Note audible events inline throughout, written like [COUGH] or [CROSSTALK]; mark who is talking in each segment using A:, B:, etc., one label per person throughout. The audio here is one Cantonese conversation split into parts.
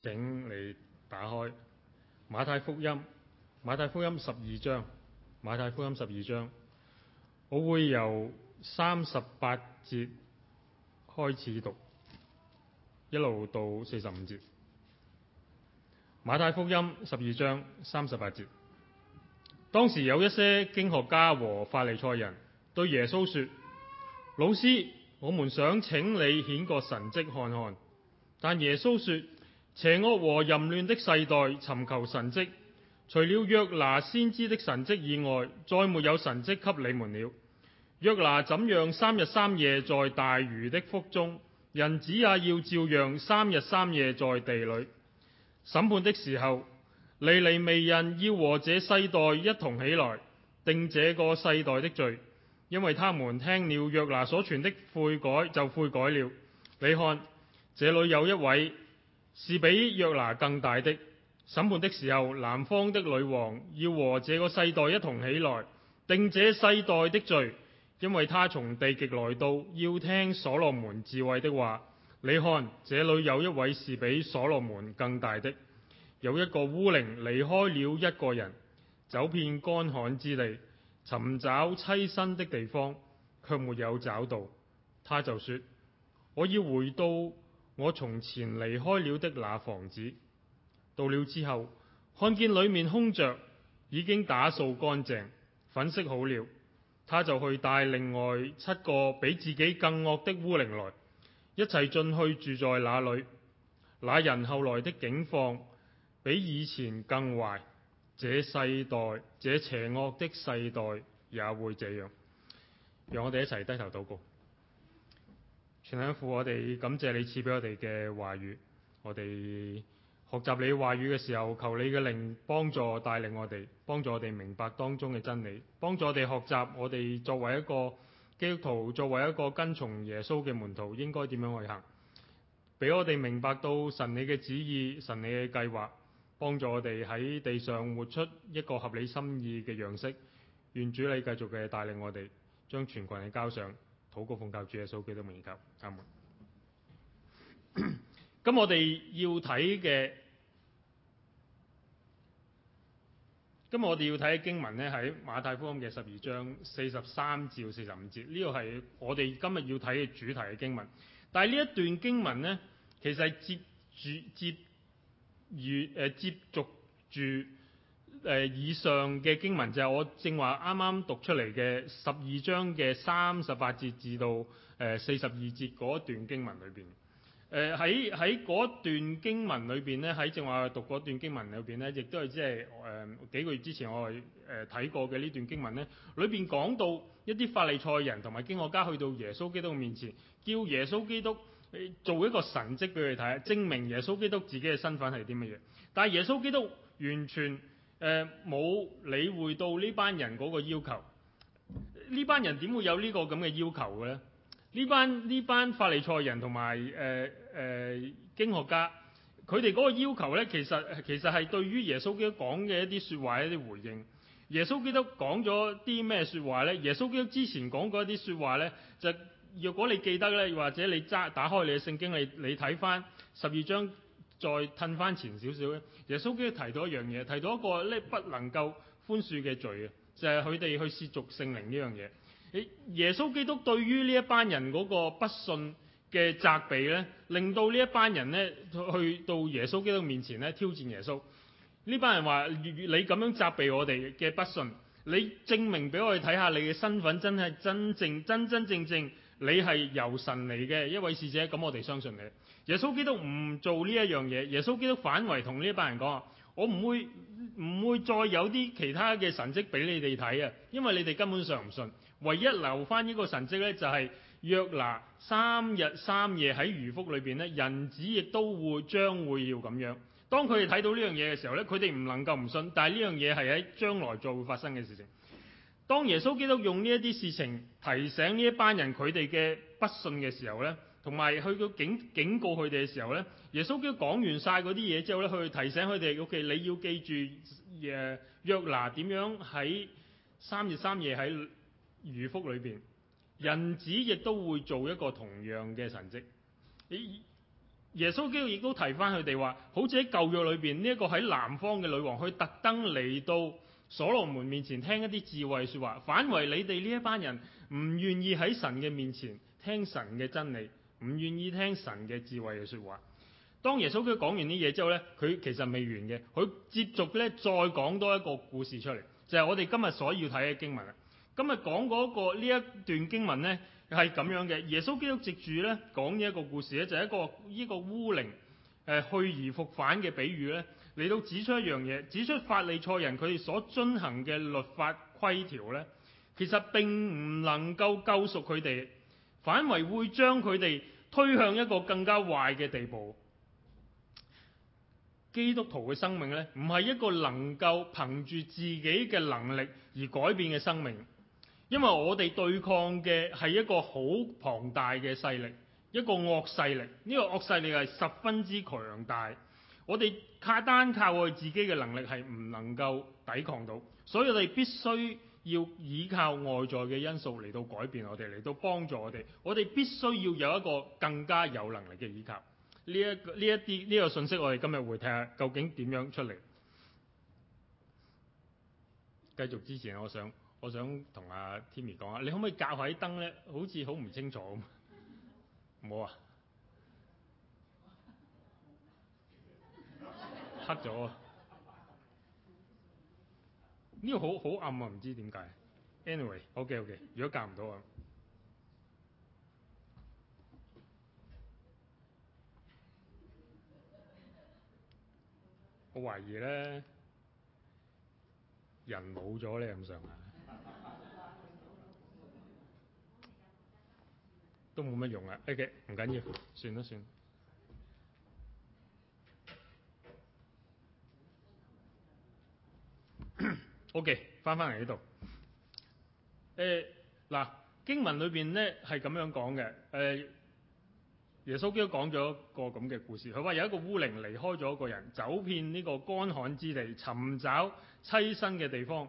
A: 請你打開馬太福音，馬太福音十二章，馬太福音十二章，我會由三十八節開始讀，一路到四十五節。馬太福音十二章三十八節，當時有一些經學家和法利賽人對耶穌說：「老師，我們想請你顯個神迹看看。但耶穌說。邪惡和淫亂的世代尋求神迹，除了約拿先知的神迹以外，再沒有神迹給你們了。約拿怎樣三日三夜在大魚的腹中，人子也要照樣三日三夜在地裏。審判的時候，尼尼微人要和這世代一同起來定這個世代的罪，因為他們聽了約拿所傳的悔改就悔改了。你看，這裏有一位。是比約拿更大的。審判的時候，南方的女王要和這個世代一同起來定這世代的罪，因為他從地極來到，要聽所羅門智慧的話。你看這裏有一位是比所羅門更大的，有一個污靈離開了一個人，走遍乾旱之地，尋找棲身的地方，却沒有找到，他就說：我要回到。我從前離開了的那房子，到了之後，看見裏面空着，已經打掃乾淨，粉飾好了。他就去帶另外七個比自己更惡的污靈來，一齊進去住在那裏。那人後來的境況比以前更壞，這世代這邪惡的世代也會這樣。讓我哋一齊低頭禱告。全心父我哋，感謝你賜俾我哋嘅話語。我哋學習你話語嘅時候，求你嘅靈幫助帶領我哋，幫助我哋明白當中嘅真理，幫助我哋學習我哋作為一個基督徒，作為一個跟從耶穌嘅門徒，應該點樣去行，俾我哋明白到神你嘅旨意、神你嘅計劃，幫助我哋喺地上活出一個合理心意嘅樣式。願主你繼續嘅帶領我哋，將全群嘅交上。好高奉教，主嘅數據都未夠啱。咁我哋要睇嘅，今日我哋要睇嘅經文咧，喺馬太福音嘅十二章四十三至四十五節。呢個係我哋今日要睇嘅主題嘅經文。但係呢一段經文咧，其實係接住接與誒、呃、接續住。誒以上嘅經文就係我正話啱啱讀出嚟嘅十二章嘅三十八節至到誒四十二節嗰段經文裏邊。誒喺喺嗰段經文裏邊咧，喺正話讀嗰段經文裏邊咧，亦都係即係誒幾個月之前我誒睇過嘅呢段經文咧，裏邊講到一啲法利賽人同埋經學家去到耶穌基督面前，叫耶穌基督做一個神跡俾佢睇，證明耶穌基督自己嘅身份係啲乜嘢。但係耶穌基督完全。誒冇理會到呢班人嗰個要求呢，呢班人點會有呢個咁嘅要求嘅咧？呢班呢班法利賽人同埋誒誒經學家，佢哋嗰個要求咧，其實其實係對於耶穌基督講嘅一啲説話一啲回應。耶穌基督講咗啲咩説話咧？耶穌基督之前講過一啲説話咧，就若果你記得咧，或者你揸打開你嘅聖經，你你睇翻十二章。再褪翻前少少咧，耶穌基督提到一樣嘢，提到一個咧不能夠寬恕嘅罪嘅，就係佢哋去褻瀆聖靈呢樣嘢。你耶穌基督對於呢一班人嗰個不信嘅責備咧，令到呢一班人咧去到耶穌基督面前咧挑戰耶穌。呢班人話：你咁樣責備我哋嘅不信，你證明俾我哋睇下你嘅身份真係真正，真真正正，你係由神嚟嘅一位使者，咁我哋相信你。耶穌基督唔做呢一樣嘢，耶穌基督反為同呢一班人講啊，我唔會唔會再有啲其他嘅神蹟俾你哋睇啊，因為你哋根本上唔信。唯一留翻呢個神蹟咧，就是，就係約拿三日三夜喺魚腹裏邊咧，人子亦都會將會要咁樣。當佢哋睇到呢樣嘢嘅時候咧，佢哋唔能夠唔信，但係呢樣嘢係喺將來再會發生嘅事情。當耶穌基督用呢一啲事情提醒呢一班人佢哋嘅不信嘅時候咧。同埋去到警警告佢哋嘅時候咧，耶穌基督講完晒嗰啲嘢之後咧，去提醒佢哋，OK，你要記住，誒約拿點樣喺三日三夜喺魚腹裏邊，人子亦都會做一個同樣嘅神蹟。耶穌基督亦都提翻佢哋話，好似喺舊約裏邊呢一個喺南方嘅女王，去特登嚟到所羅門面前聽一啲智慧說話，反為你哋呢一班人唔願意喺神嘅面前聽神嘅真理。唔願意聽神嘅智慧嘅説話。當耶穌基督講完啲嘢之後呢，佢其實未完嘅，佢接續呢，再講多一個故事出嚟，就係、是、我哋今日所要睇嘅經文啦。今日講嗰個呢一段經文呢，係咁樣嘅，耶穌基督藉住呢講呢一個故事呢，就係、是、一個呢個污靈誒去而復返嘅比喻呢，嚟到指出一樣嘢，指出法利賽人佢哋所遵行嘅律法規條呢，其實並唔能夠救贖佢哋。反而會將佢哋推向一個更加壞嘅地步。基督徒嘅生命呢，唔係一個能夠憑住自己嘅能力而改變嘅生命，因為我哋對抗嘅係一個好龐大嘅勢力，一個惡勢力。呢個惡勢力係十分之強大，我哋靠單靠我自己嘅能力係唔能夠抵抗到，所以我哋必須，要依靠外在嘅因素嚟到改變我哋，嚟到幫助我哋。我哋必須要有一個更加有能力嘅倚靠。呢一呢一啲呢、這個信息，我哋今日會睇下究竟點樣出嚟。繼續之前我，我想我想同阿 Timmy 講啊，你可唔可以校下啲燈咧？好似好唔清楚咁。冇啊， [LAUGHS] 黑咗啊！呢個好好暗啊，唔知點解。Anyway，OK，OK，如果教唔到啊，我懷疑咧，人冇咗咧，咁上下，都冇乜用啊。OK，唔緊要，算啦算。算 O.K.，翻翻嚟呢度。誒嗱，經文裏邊咧係咁樣講嘅。誒，耶穌基督講咗個咁嘅故事。佢話有一個污靈離開咗一個人，走遍呢個乾旱之地，尋找棲身嘅地方，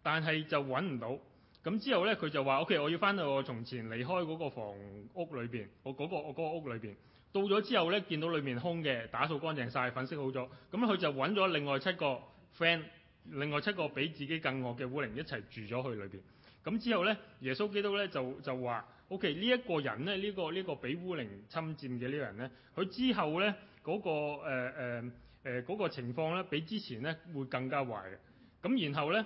A: 但係就揾唔到。咁之後咧，佢就話：O.K.，我要翻到我從前離開嗰個房屋裏邊，我嗰個我嗰個屋裏邊。到咗之後咧，見到裡面空嘅，打掃乾淨晒，粉飾好咗。咁佢就揾咗另外七個 friend。另外七個比自己更惡嘅污靈一齊住咗去裏邊。咁之後咧，耶穌基督咧就就話：O.K. 呢一個人咧，呢個呢個俾污靈侵佔嘅呢個人咧，佢之後咧嗰個誒誒誒嗰個情況咧，比之前咧會更加壞嘅。咁然後咧，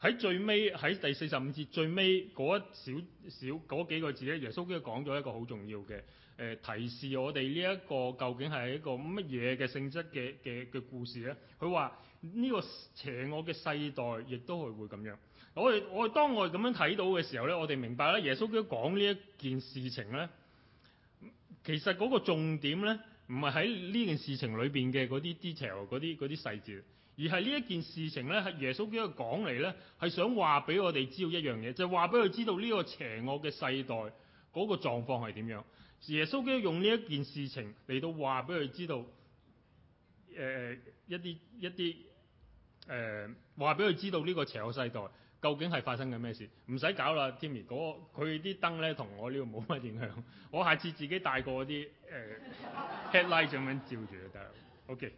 A: 喺最尾喺第四十五節最尾嗰少少嗰幾個字咧，耶穌基督講咗一個好重要嘅誒、呃、提示我哋呢一個究竟係一個乜嘢嘅性質嘅嘅嘅故事咧。佢話。呢個邪惡嘅世代亦都係會咁樣。我哋我當我哋咁樣睇到嘅時候咧，我哋明白咧，耶穌基督講呢一件事情咧，其實嗰個重點咧，唔係喺呢件事情裏邊嘅嗰啲 detail、嗰啲嗰啲細節，而係呢一件事情咧，係耶穌基督講嚟咧，係想話俾我哋知道一樣嘢，就話俾佢知道呢個邪惡嘅世代嗰個狀況係點樣。耶穌基督用呢一件事情嚟到話俾佢知道。誒、呃、一啲一啲誒話俾佢知道呢個邪惡世代究竟係發生緊咩事？唔使搞啦，Timmy，嗰佢啲燈咧同我呢度冇乜影響。我下次自己帶過啲誒 headlight 咁樣照住就得。 [LAUGHS] OK。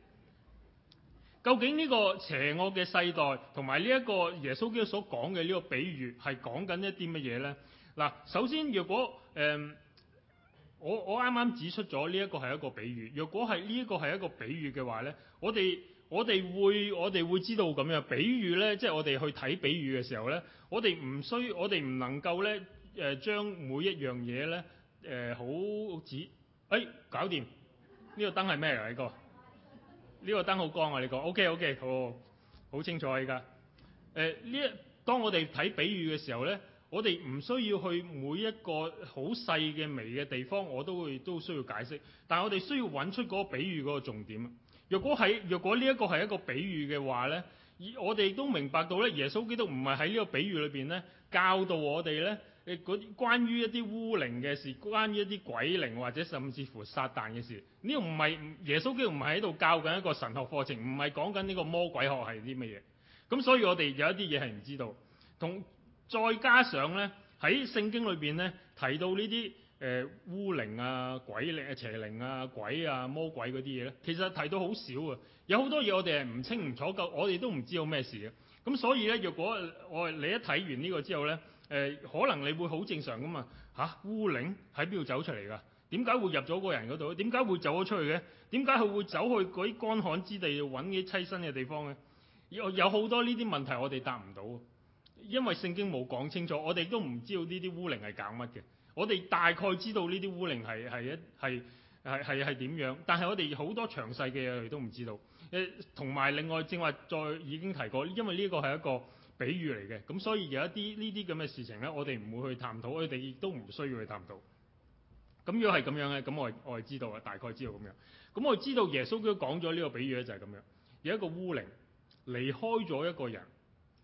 A: 究竟呢個邪惡嘅世代同埋呢一個耶穌基督所講嘅呢個比喻係講緊一啲乜嘢咧？嗱，首先若果誒。呃我我啱啱指出咗呢一個係一個比喻，若果係呢一個係一個比喻嘅話咧，我哋我哋會我哋會知道咁樣比喻咧，即係我哋去睇比喻嘅時候咧，我哋唔需我哋唔能夠咧誒將每一樣嘢咧誒好指，哎搞掂呢個燈係咩嚟？呢個呢個燈好光啊！呢個 O K O K 好，好清楚啊。依家誒呢一當我哋睇比喻嘅時候咧。我哋唔需要去每一個好細嘅微嘅地方，我都會都需要解釋。但係我哋需要揾出嗰個比喻嗰個重點。若果係若果呢一個係一個比喻嘅話咧，我哋都明白到咧，耶穌基督唔係喺呢個比喻裏邊咧教導我哋咧，關於一啲污靈嘅事，關於一啲鬼靈或者甚至乎撒旦嘅事，呢個唔係耶穌基督唔係喺度教緊一個神學課程，唔係講緊呢個魔鬼學係啲乜嘢。咁所以我哋有一啲嘢係唔知道，同。再加上咧，喺聖經裏邊咧提到呢啲誒污靈啊、鬼靈啊、邪靈啊、鬼啊、魔鬼嗰啲嘢咧，其實提到好少啊，有好多嘢我哋係唔清唔楚，夠我哋都唔知有咩事嘅。咁所以咧，若果我、呃、你一睇完呢個之後咧，誒、呃、可能你會好正常㗎嘛。嚇、啊、污靈喺邊度走出嚟㗎？點解會入咗個人嗰度？點解會走咗出去嘅？點解佢會走去嗰啲乾旱之地揾啲棲身嘅地方嘅？有有好多呢啲問題我哋答唔到。因為聖經冇講清楚，我哋都唔知道呢啲污靈係搞乜嘅。我哋大概知道呢啲污靈係係一係係係點樣，但係我哋好多詳細嘅嘢，都唔知道。誒，同埋另外正話再已經提過，因為呢個係一個比喻嚟嘅，咁所以有一啲呢啲咁嘅事情咧，我哋唔會去探討，我哋亦都唔需要去探討。咁如果係咁樣咧，咁我我係知道啊，大概知道咁樣。咁我知道耶穌佢講咗呢個比喻咧就係咁樣，有一個污靈離開咗一個人。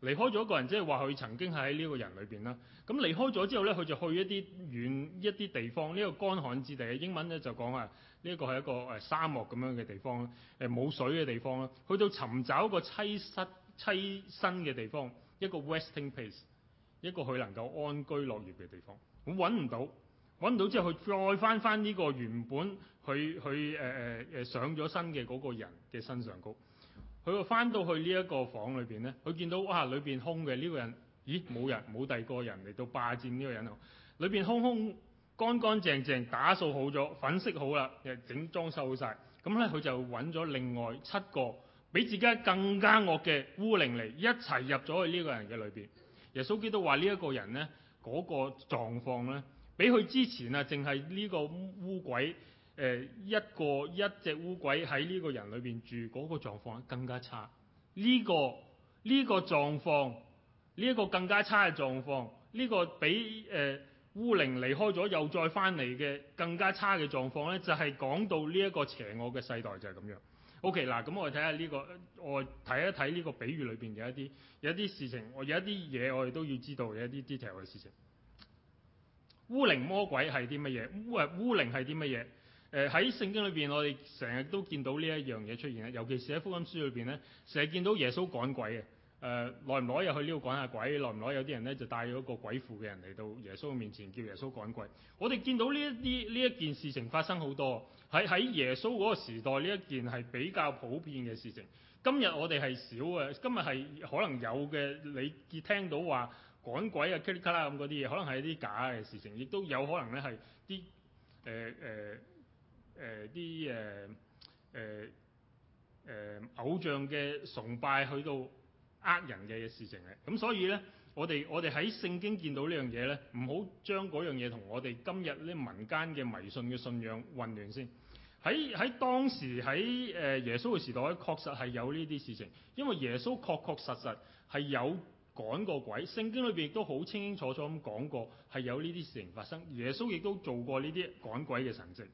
A: 離開咗一個人，即係話佢曾經喺呢個人裏邊啦。咁離開咗之後呢，佢就去一啲遠一啲地方，呢個乾旱之地嘅英文呢，就講啊，呢一個係一個誒沙漠咁樣嘅地方啦，冇水嘅地方啦，去到尋找一個棲室棲身嘅地方，一個 resting place，一個佢能夠安居樂業嘅地方。咁揾唔到，揾唔到之後，佢再返返呢個原本佢佢誒誒上咗身嘅嗰個人嘅身上高。佢又翻到去呢一個房裏邊咧，佢見到哇，裏邊空嘅呢個人，咦冇人冇第二個人嚟到霸佔呢個人啊！裏邊空空乾乾淨淨，打掃好咗，粉飾好啦，整裝修好曬。咁咧，佢就揾咗另外七個比自己更加惡嘅污靈嚟一齊入咗去呢個人嘅裏邊。耶穌基督話呢一個人呢嗰個狀況咧，比佢之前啊，淨係呢個污鬼。誒一個一隻污鬼喺呢個人裏邊住，嗰、那個狀況更加差。呢、這個呢、這個狀況，呢、這、一個更加差嘅狀況，呢、這個比誒、呃、污靈離開咗又再翻嚟嘅更加差嘅狀況咧，就係、是、講到呢一個邪惡嘅世代就係、是、咁樣。OK，嗱，咁我哋睇下呢個，我睇一睇呢個比喻裏邊嘅一啲，有一啲事情，我有一啲嘢我哋都要知道嘅一啲 detail 嘅事情。污靈魔鬼係啲乜嘢？污誒污靈係啲乜嘢？誒喺聖經裏邊，我哋成日都見到呢一樣嘢出現啦，尤其是喺福音書裏邊咧，成日見到耶穌趕鬼嘅。誒，耐唔耐又去呢度趕下鬼，耐唔耐有啲人咧就帶咗個鬼附嘅人嚟到耶穌嘅面前，叫耶穌趕鬼。我哋見到呢一啲呢一件事情發生好多，喺喺耶穌嗰個時代呢一件係比較普遍嘅事情。今日我哋係少嘅，今日係可能有嘅，你見聽到話趕鬼啊、c l i 啦咁嗰啲嘢，可能係一啲假嘅事情，亦都有可能咧係啲誒誒。誒啲誒誒誒偶像嘅崇拜去到呃人嘅事情嚟，咁所以呢，我哋我哋喺聖經見到呢樣嘢呢，唔好將嗰樣嘢同我哋今日呢民間嘅迷信嘅信仰混亂先。喺喺當時喺誒耶穌嘅時代，確實係有呢啲事情，因為耶穌確確實實係有趕過鬼。聖經裏邊亦都好清清楚楚咁講過係有呢啲事情發生。耶穌亦都做過呢啲趕鬼嘅神跡。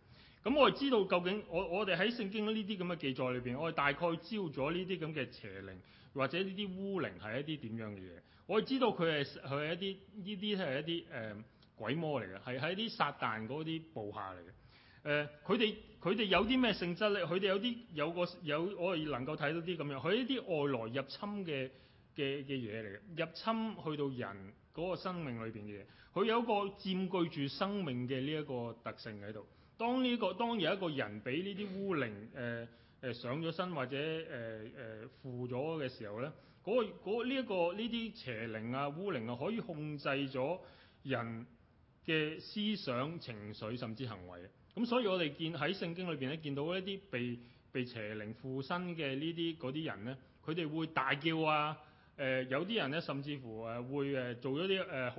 A: 咁、嗯、我哋知道究竟我我哋喺《聖經》呢啲咁嘅記載裏邊，我哋大概知道咗呢啲咁嘅邪靈或者呢啲污靈係一啲點樣嘅嘢。我哋知道佢係佢係一啲呢啲係一啲誒、呃、鬼魔嚟嘅，係喺啲撒旦嗰啲部下嚟嘅。誒、呃，佢哋佢哋有啲咩性質咧？佢哋有啲有個有我哋能夠睇到啲咁樣，佢一啲外來入侵嘅嘅嘅嘢嚟嘅，入侵去到人嗰個生命裏邊嘅嘢，佢有個佔據住生命嘅呢一個特性喺度。當呢、這個當有一個人俾呢啲污靈誒誒、呃呃、上咗身或者誒誒附咗嘅時候咧，嗰、那個呢一、這個呢啲邪靈啊污靈啊可以控制咗人嘅思想、情緒甚至行為。咁所以我哋見喺聖經裏邊咧見到一啲被被邪靈附身嘅呢啲嗰啲人咧，佢哋會大叫啊！誒、呃、有啲人咧甚至乎誒、啊、會誒、啊、做咗啲誒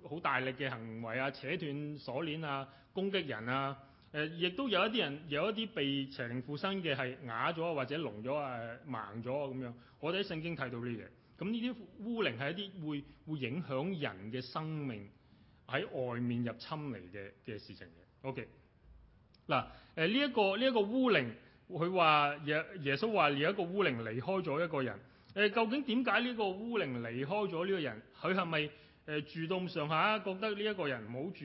A: 好好大力嘅行為啊，扯斷鎖鏈鏈啊，攻擊人啊。誒，亦都有一啲人，有一啲被邪靈附身嘅係啞咗或者聾咗啊、呃，盲咗咁樣。我哋喺聖經睇到呢啲嘢。咁呢啲污靈係一啲會會影響人嘅生命喺外面入侵嚟嘅嘅事情嘅。O.K. 嗱、這個，誒呢一個呢一個污靈，佢話耶耶穌話有一個污靈離開咗一個人。誒，究竟點解呢個污靈離開咗呢個人？佢係咪住到咁上下覺得呢一個人唔好住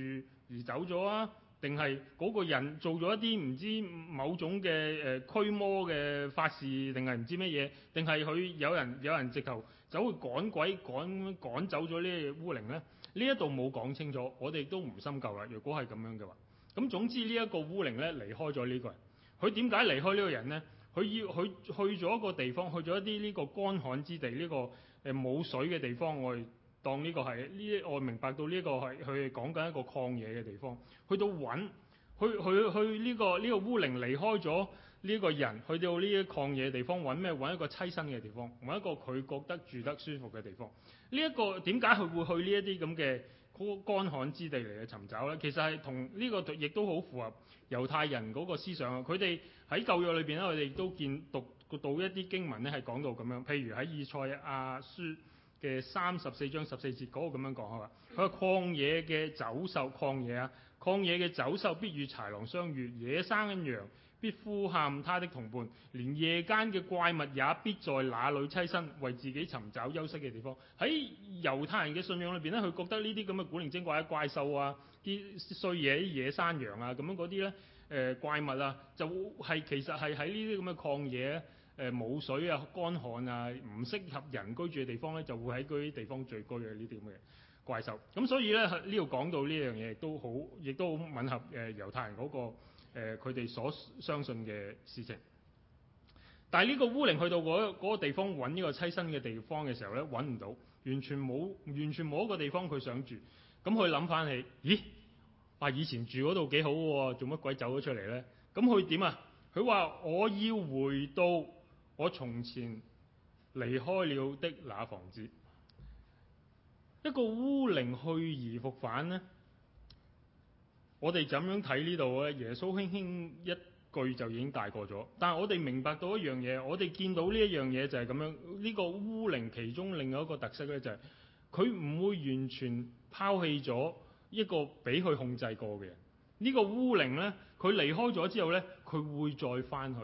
A: 而走咗啊？定係嗰個人做咗一啲唔知某種嘅誒驅魔嘅法事，定係唔知乜嘢？定係佢有人有人直頭走去趕鬼趕趕走咗呢個污靈咧？呢一度冇講清楚，我哋都唔深究啦。如果係咁樣嘅話，咁總之呢一個污靈咧離開咗呢個人，佢點解離開呢個人咧？佢要佢去咗一個地方，去咗一啲呢個乾旱之地，呢個誒冇水嘅地方我。當呢個係呢，我明白到呢個係佢哋講緊一個曠野嘅地方，去到揾去去去呢、這個呢、這個污靈離開咗呢一個人，去到呢啲曠野地方揾咩？揾一個棲身嘅地方，揾一個佢覺得住得舒服嘅地方。呢、這、一個點解佢會去呢一啲咁嘅乾旱之地嚟嘅尋找呢？其實係同呢、這個亦都好符合猶太人嗰個思想啊！佢哋喺舊約裏邊咧，佢哋亦都見讀到一啲經文咧，係講到咁樣。譬如喺以賽亞書，嘅三十四章十四節嗰，那個咁樣講嚇，佢話曠野嘅走獸，曠野啊，曠野嘅走獸必與豺狼相遇，野生嘅羊必呼喊他的同伴，連夜間嘅怪物也必在哪裏棲身，為自己尋找休息嘅地方。喺猶太人嘅信仰裏邊咧，佢覺得呢啲咁嘅古靈精怪嘅怪，怪獸啊，啲衰嘢，野山羊啊咁樣嗰啲咧，誒怪物啊，就係其實係喺呢啲咁嘅曠野。誒冇水啊、乾旱啊、唔適合人居住嘅地方咧，就會喺嗰啲地方聚居嘅呢啲咁嘅怪獸。咁所以咧，呢度講到呢樣嘢，亦都好，亦都好吻合誒猶太人嗰個誒佢哋所相信嘅事情。但係呢個烏靈去到嗰個嗰個地方揾呢個棲身嘅地方嘅時候咧，揾唔到，完全冇完全冇一個地方佢想住。咁佢諗翻起，咦？話以前住嗰度幾好喎，做乜鬼走咗出嚟咧？咁佢點啊？佢話我要回到。我從前離開了的那房子，一個污靈去而復返呢，我哋怎樣睇呢度咧？耶穌輕輕一句就已經大過咗。但係我哋明白到一樣嘢，我哋見到呢一樣嘢就係咁樣。呢、這個污靈其中另外一個特色咧、就是，就係佢唔會完全拋棄咗一個俾佢控制過嘅人。呢、這個污靈呢，佢離開咗之後呢，佢會再翻去。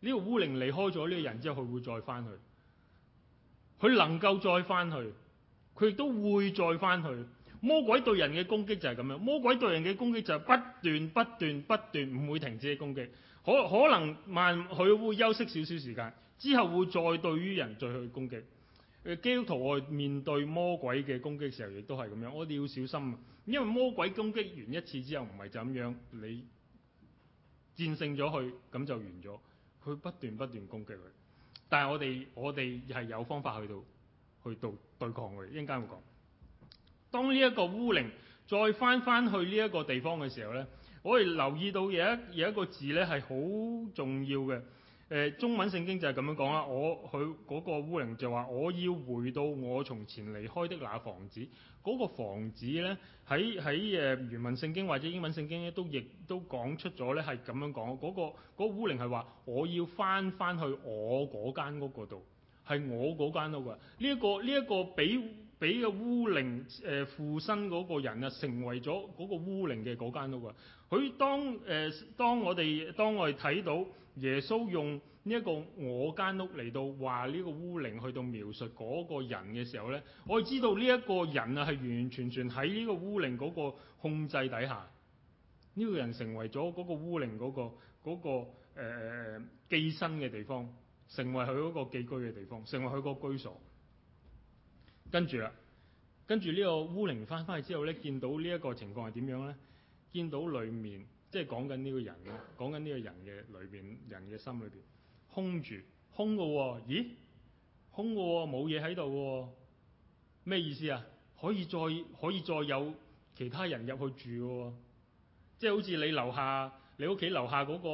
A: 呢個污靈離開咗呢個人之後，佢會再翻去。佢能夠再翻去，佢亦都會再翻去。魔鬼對人嘅攻擊就係咁樣，魔鬼對人嘅攻擊就係不斷不斷不斷，唔會停止嘅攻擊。可可能慢，佢會休息少少時間，之後會再對於人再去攻擊。呃、基督徒我面對魔鬼嘅攻擊時候，亦都係咁樣。我哋要小心、啊，因為魔鬼攻擊完一次之後，唔係就咁樣，你戰勝咗佢，咁就完咗。佢不斷、不斷攻擊佢，但係我哋我哋係有方法去到去到對抗佢。應該咁講，當呢一個污靈再返返去呢一個地方嘅時候咧，我哋留意到有一有一個字咧係好重要嘅。誒、呃、中文聖經就係咁樣講啦，我佢嗰、那個污靈就話：我要回到我從前離開的那房子。嗰、那個房子咧，喺喺誒原文聖經或者英文聖經咧，都亦都講出咗咧，係咁樣講。嗰、那個嗰污靈係話：我要返返去我嗰間屋嗰度，係我嗰間屋啊！呢、這、一個呢一、這個俾俾嘅污靈誒附身嗰個人啊，成為咗嗰個污靈嘅嗰間屋啊！佢當誒、呃、當我哋當我哋睇到。耶穌用呢一個我間屋嚟到話呢個污靈去到描述嗰個人嘅時候咧，我哋知道呢一個人啊係完完全全喺呢個污靈嗰個控制底下，呢、這個人成為咗嗰個污靈嗰、那個嗰、那個誒、呃、寄生嘅地方，成為佢嗰個寄居嘅地方，成為佢個居所。跟住啦，跟住呢個污靈返返去之後咧，見到呢一個情況係點樣咧？見到裏面。即係講緊呢個人，講緊呢個人嘅裏邊人嘅心裏邊空住，空嘅喎、哦，咦？空嘅喎、哦，冇嘢喺度喎，咩意思啊？可以再可以再有其他人入去住嘅喎、哦，即、就、係、是、好似你樓下你屋企樓下嗰、那個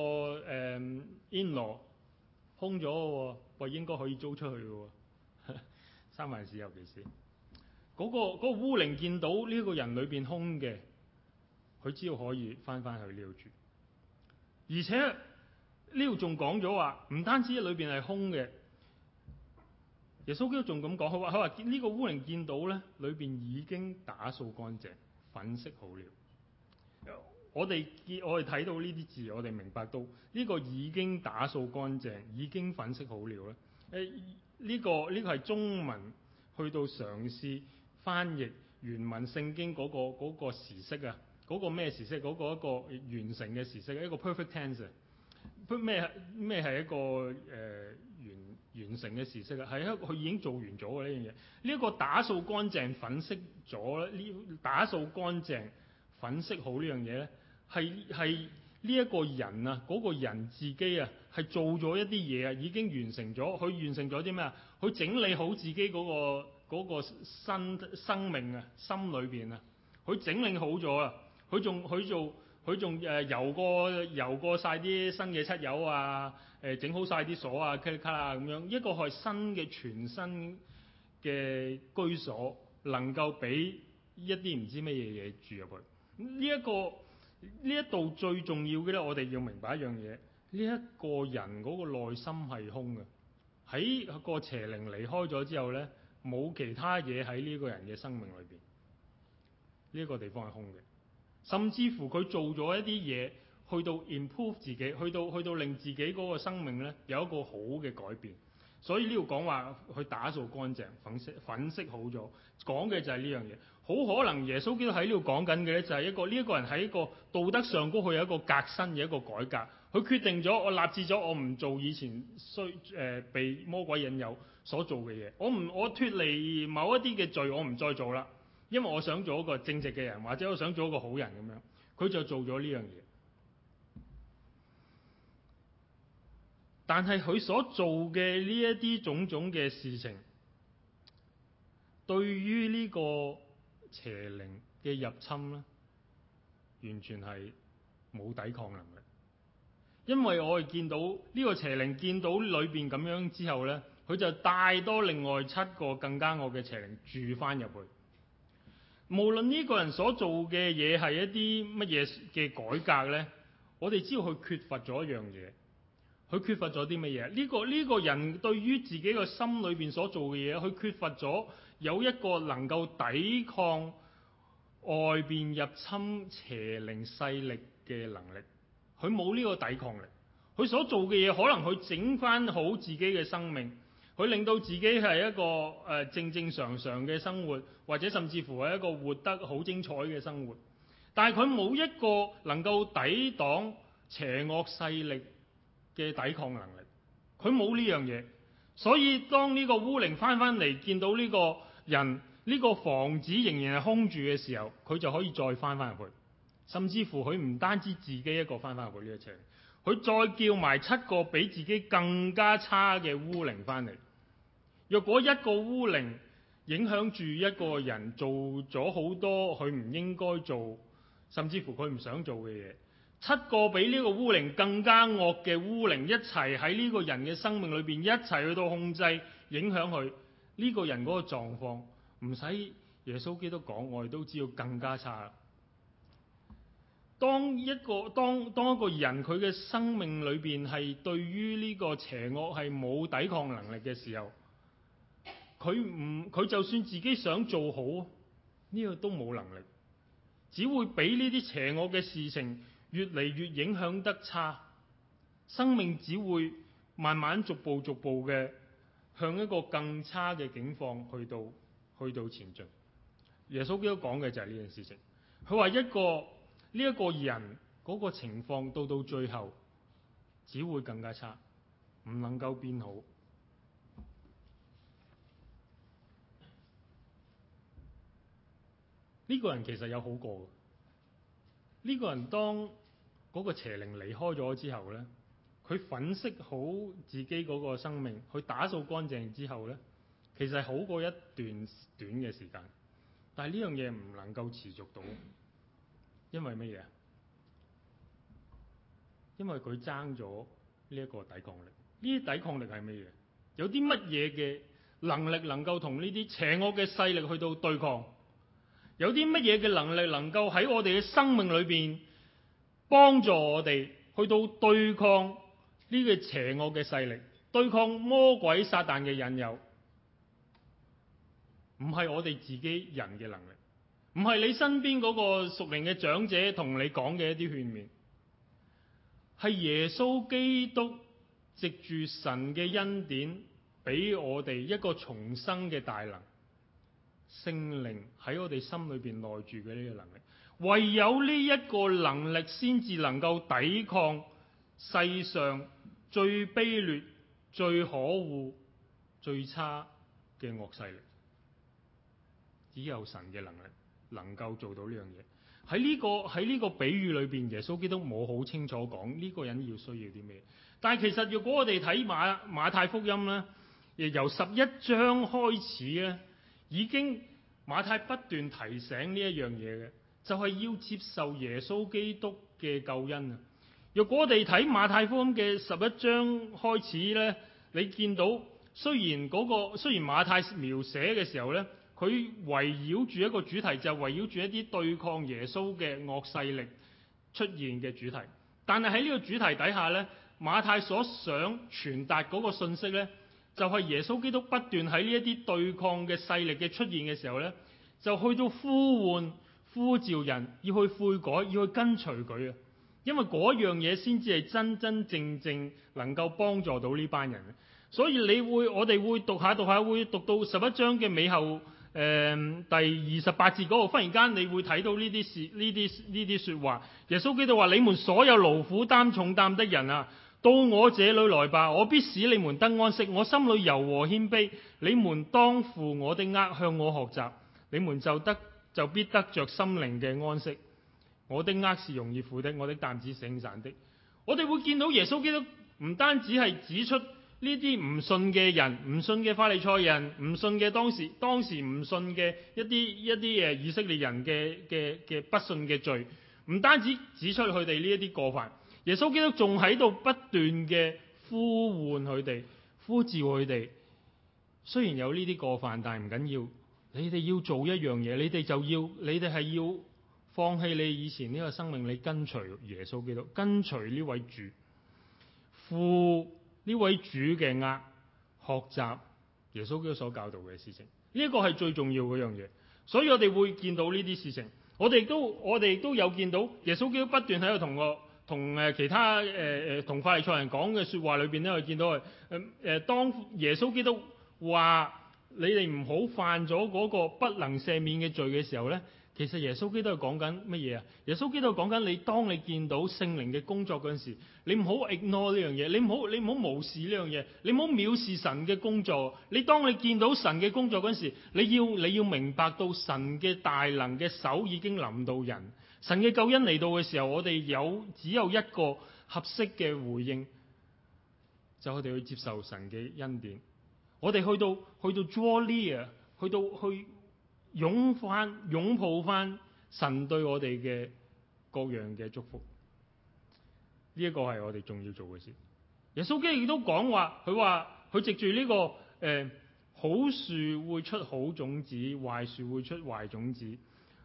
A: 誒 In-law 空咗嘅喎，應該可以租出去嘅喎、哦， [LAUGHS] 三萬事尤其是嗰、那個嗰、那個污靈見到呢個人裏邊空嘅。佢只要可以翻返去呢度住，而且呢度仲講咗話，唔單止裏邊係空嘅，耶穌基督仲咁講：佢話，佢話呢個污靈見到咧，裏邊已經打掃乾淨，粉飾好了。我哋見，我哋睇到呢啲字，我哋明白到呢個已經打掃乾淨，已經粉飾好了咧。誒，呢個呢個係中文去到嘗試翻譯原文聖經嗰個嗰個時式啊！嗰個咩時勢？嗰、那個一個完成嘅時勢，一個 perfect tense。不咩係咩係一個誒、呃、完完成嘅時勢咧？係一佢已經做完咗嘅呢樣嘢。呢、這、一個打掃乾淨粉飾咗呢打掃乾淨粉飾好呢樣嘢咧，係係呢一個人啊，嗰、那個人自己啊，係做咗一啲嘢啊，已經完成咗。佢完成咗啲咩啊？佢整理好自己嗰、那個嗰、那個、生，生命啊，心裏邊啊，佢整理好咗啊！佢仲佢做佢仲誒，游過遊過晒啲新嘅七友啊，誒，整好晒啲鎖啊 click click 啊，咁樣一個係新嘅全新嘅居所，能夠俾一啲唔知乜嘢嘢住入去。呢一個呢一度最重要嘅咧，我哋要明白一樣嘢：呢一個人個內心係空嘅。喺個邪靈離開咗之後咧，冇其他嘢喺呢個人嘅生命裏邊。呢一個地方係空嘅。甚至乎佢做咗一啲嘢，去到 improve 自己，去到去到令自己嗰個生命咧有一個好嘅改變。所以呢度講話去打掃乾淨，粉飾粉飾好咗，講嘅就係呢樣嘢。好可能耶穌基督喺呢度講緊嘅咧，就係一個呢一個人喺一個道德上高，佢有一個革新嘅一個改革。佢決定咗，我立志咗，我唔做以前衰誒被魔鬼引誘所做嘅嘢。我唔我脫離某一啲嘅罪，我唔再做啦。因為我想做一個正直嘅人，或者我想做一個好人咁樣，佢就做咗呢樣嘢。但係佢所做嘅呢一啲種種嘅事情，對於呢個邪靈嘅入侵咧，完全係冇抵抗能力。因為我哋見到呢個邪靈見到裏邊咁樣之後呢，佢就帶多另外七個更加惡嘅邪靈住翻入去。無論呢個人所做嘅嘢係一啲乜嘢嘅改革呢，我哋知道佢缺乏咗一樣嘢，佢缺乏咗啲乜嘢？呢個呢個人對於自己嘅心裏邊所做嘅嘢，佢缺乏咗有一個能夠抵抗外邊入侵邪靈勢力嘅能力，佢冇呢個抵抗力，佢所做嘅嘢可能佢整翻好自己嘅生命。佢令到自己係一個誒、呃、正正常常嘅生活，或者甚至乎係一個活得好精彩嘅生活。但係佢冇一個能夠抵擋邪惡勢力嘅抵抗能力，佢冇呢樣嘢。所以當呢個污靈翻翻嚟，見到呢個人、呢、呢個房子仍然係空住嘅時候，佢就可以再翻翻入去，甚至乎佢唔單止自己一個翻翻入去呢一切。佢再叫埋七個比自己更加差嘅污靈翻嚟。若果一個污靈影響住一個人做咗好多佢唔應該做，甚至乎佢唔想做嘅嘢，七個比呢個污靈更加惡嘅污靈一齊喺呢個人嘅生命裏邊一齊去到控制影響佢。呢個人嗰個狀況，唔使耶穌基督講，我哋都知道更加差。當一個當當一個人佢嘅生命裏邊係對於呢個邪惡係冇抵抗能力嘅時候，佢唔佢就算自己想做好呢個都冇能力，只會俾呢啲邪惡嘅事情越嚟越影響得差，生命只會慢慢逐步逐步嘅向一個更差嘅境況去到去到前進。耶穌基督講嘅就係呢件事情，佢話一個。呢一個人嗰個情況到到最後，只會更加差，唔能夠變好。呢個人其實有好過，呢個人當嗰個邪靈離開咗之後呢，佢粉飾好自己嗰個生命，去打掃乾淨之後呢，其實好過一段短嘅時間，但係呢樣嘢唔能夠持續到。因為乜嘢？因為佢爭咗呢一個抵抗力，呢啲抵抗力係乜嘢？有啲乜嘢嘅能力能夠同呢啲邪惡嘅勢力去到對抗？有啲乜嘢嘅能力能夠喺我哋嘅生命裏邊幫助我哋去到對抗呢個邪惡嘅勢力，對抗魔鬼撒旦嘅引誘？唔係我哋自己人嘅能力。唔係你身邊嗰個屬靈嘅長者同你講嘅一啲勸勉，係耶穌基督藉住神嘅恩典，俾我哋一個重生嘅大能，聖靈喺我哋心裏邊內住嘅呢個能力，唯有呢一個能力先至能夠抵抗世上最卑劣、最可惡、最差嘅惡勢力，只有神嘅能力。能夠做到呢樣嘢，喺呢個喺呢個比喻裏邊，耶穌基督冇好清楚講呢個人要需要啲咩。但係其實若果我哋睇馬馬太福音咧，由十一章開始咧，已經馬太不斷提醒呢一樣嘢嘅，就係、是、要接受耶穌基督嘅救恩啊！若果我哋睇馬太福音嘅十一章開始咧，你見到雖然嗰、那個雖然馬太描寫嘅時候咧，佢圍繞住一個主題，就係圍繞住一啲對抗耶穌嘅惡勢力出現嘅主題。但係喺呢個主題底下呢，馬太所想傳達嗰個信息呢，就係、是、耶穌基督不斷喺呢一啲對抗嘅勢力嘅出現嘅時候呢，就去到呼喚、呼召人要去悔改、要去跟隨佢啊。因為嗰樣嘢先至係真真正正能夠幫助到呢班人。所以你會，我哋會讀下讀下，會讀到十一章嘅尾後。誒、嗯，第二十八節嗰度，忽然間你會睇到呢啲事，呢啲呢啲說話。耶穌基督話：你們所有勞苦擔重擔的人啊，到我這裏來吧，我必使你們得安息。我心裏柔和謙卑，你們當負我的軛，向我學習，你們就得就必得着心靈嘅安息。我的軛是容易負的，我的擔子是輕省的。我哋會見到耶穌基督唔單止係指出。呢啲唔信嘅人，唔信嘅法利賽人，唔信嘅當時當時唔信嘅一啲一啲嘢以色列人嘅嘅嘅不信嘅罪，唔單止指出佢哋呢一啲過犯，耶穌基督仲喺度不斷嘅呼喚佢哋，呼召佢哋。雖然有呢啲過犯，但係唔緊要，要，你哋要做一樣嘢，你哋就要你哋係要放棄你以前呢個生命，你跟隨耶穌基督，跟隨呢位主，呼。呢位主嘅阿學習耶穌基督所教導嘅事情，呢、這個係最重要嗰樣嘢。所以我哋會見到呢啲事情，我哋亦都我哋都有見到耶穌基督不斷喺度同個同誒其他誒誒同法利賽人講嘅說話裏邊咧，我見到誒誒、呃、當耶穌基督話你哋唔好犯咗嗰個不能赦免嘅罪嘅時候咧。其實耶穌基督都係講緊乜嘢啊？耶穌基督都係講緊你，當你見到聖靈嘅工作嗰陣時，你唔好 ignore 呢樣嘢，你唔好你唔好無視呢樣嘢，你唔好藐視神嘅工作。你當你見到神嘅工作嗰陣時，你要你要明白到神嘅大能嘅手已經臨到人，神嘅救恩嚟到嘅時候，我哋有只有一個合適嘅回應，就我哋去接受神嘅恩典。我哋去到去到 Jolly 啊，去到，layer，去到去。擁抱翻、擁抱翻神對我哋嘅各樣嘅祝福，呢、這、一個係我哋仲要做嘅事。耶穌基督亦都講話，佢話佢藉住呢個誒、呃、好樹會出好種子，壞樹會出壞種子。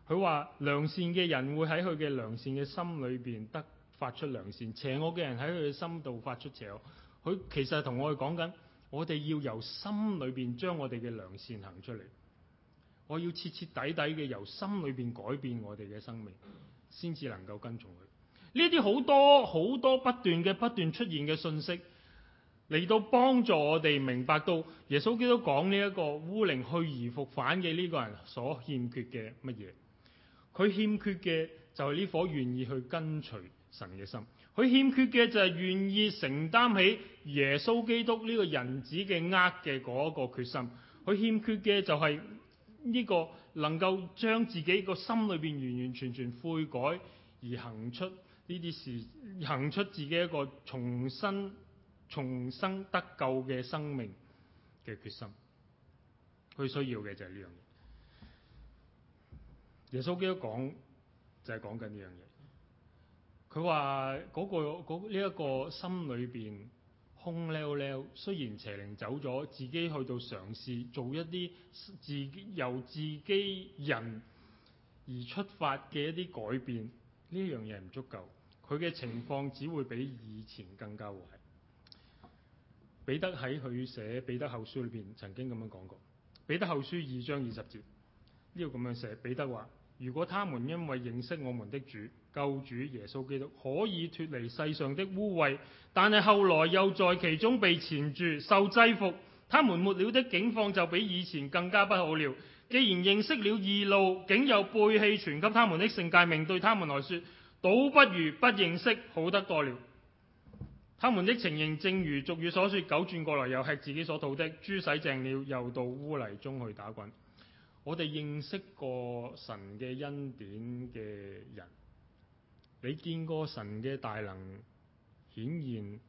A: 佢話良善嘅人會喺佢嘅良善嘅心裏邊得發出良善，邪惡嘅人喺佢嘅心度發出邪惡。佢其實同我哋講緊，我哋要由心裏邊將我哋嘅良善行出嚟。我要徹徹底底嘅由心裏邊改變我哋嘅生命，先至能夠跟從佢。呢啲好多好多不斷嘅不斷出現嘅信息，嚟到幫助我哋明白到耶穌基督講呢、這、一個污靈去而復返嘅呢個人所欠缺嘅乜嘢？佢欠缺嘅就係呢顆願意去跟隨神嘅心，佢欠缺嘅就係願意承擔起耶穌基督呢個人子嘅呃嘅嗰個決心，佢欠缺嘅就係、是。呢個能夠將自己個心裏邊完完全全悔改，而行出呢啲事，行出自己一個重新、重新得救嘅生命嘅決心，佢需要嘅就係呢樣嘢。耶穌基督講，就係講緊呢樣嘢。佢話嗰個，嗰呢一個心裏邊，空溜溜，雖然邪靈走咗，自己去到嘗試做一啲自由自己人而出發嘅一啲改變，呢樣嘢唔足夠，佢嘅情況只會比以前更加壞。彼得喺佢寫《彼得後書》裏邊曾經咁樣講過，《彼得後書》二章二十節呢度咁樣寫，彼得話：如果他們因為認識我們的主，救主耶穌基督可以脫離世上的污穢，但係後來又在其中被纏住、受制服。他們末了的境況就比以前更加不好了。既然認識了義路，竟有背棄傳給他們的聖誡命，對他們來說，倒不如不認識好得多了。他們的情形正如俗語所說：狗轉過來又吃自己所吐的，豬洗淨了又到污泥中去打滾。我哋認識過神嘅恩典嘅人，你見過神嘅大能顯現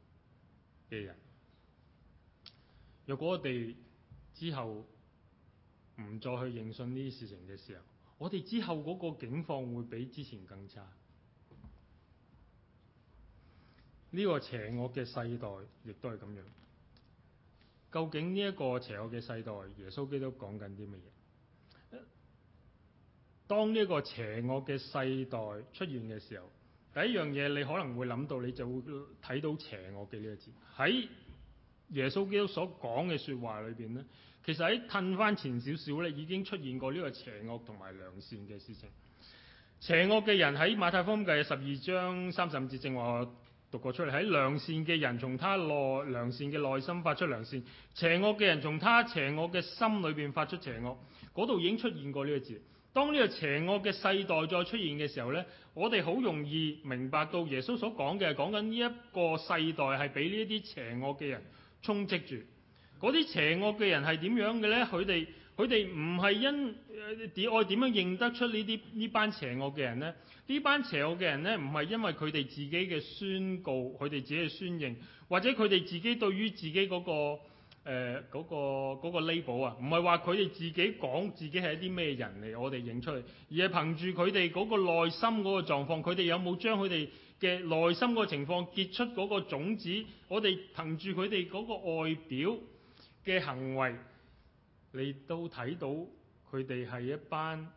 A: 嘅人？如果我哋之後唔再去認信呢啲事情嘅時候，我哋之後嗰個境況會比之前更差。呢個邪惡嘅世代亦都係咁樣。究竟呢一個邪惡嘅世代，耶穌基督講緊啲乜嘢？當呢一個邪惡嘅世代出現嘅時候，第一樣嘢，你可能會諗到，你就會睇到邪惡嘅呢個字。喺耶穌基督所講嘅説話裏邊咧，其實喺褪翻前少少咧，已經出現過呢個邪惡同埋良善嘅事情。邪惡嘅人喺馬太福音嘅十二章三十五節正話讀過出嚟，喺良善嘅人從他內良善嘅內心發出良善，邪惡嘅人從他邪惡嘅心裏邊發出邪惡，嗰度已經出現過呢個字。當呢個邪惡嘅世代再出現嘅時候呢，我哋好容易明白到耶穌所講嘅，講緊呢一個世代係俾呢一啲邪惡嘅人充斥住。嗰啲邪惡嘅人係點樣嘅呢？佢哋佢哋唔係因點愛點樣認得出呢啲呢班邪惡嘅人呢？呢班邪惡嘅人呢？唔係因為佢哋自己嘅宣告，佢哋自己嘅宣認，或者佢哋自己對於自己嗰個。誒嗰個嗰個 label 啊，唔係話佢哋自己講自己係一啲咩人嚟，我哋認出嚟，而係憑住佢哋嗰個內心嗰個狀況，佢哋有冇將佢哋嘅內心個情況結出嗰個種子，我哋憑住佢哋嗰個外表嘅行為，你都睇到佢哋係一班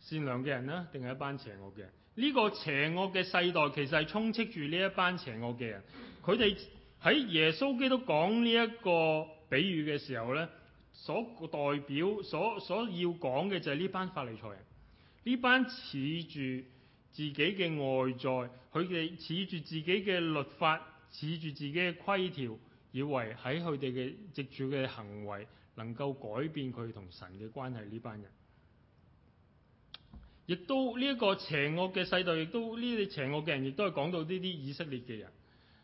A: 善良嘅人啦，定係一班邪惡嘅人？呢個邪惡嘅世代其實係充斥住呢一班邪惡嘅人，佢哋。喺耶穌基督講呢一個比喻嘅時候呢，所代表、所所要講嘅就係呢班法利賽人，呢班恃住自己嘅外在，佢哋恃住自己嘅律法、恃住自己嘅規條，以為喺佢哋嘅藉住嘅行為能夠改變佢同神嘅關係呢班人，亦都呢一、這個邪惡嘅世代，亦都呢啲邪惡嘅人，亦都係講到呢啲以色列嘅人。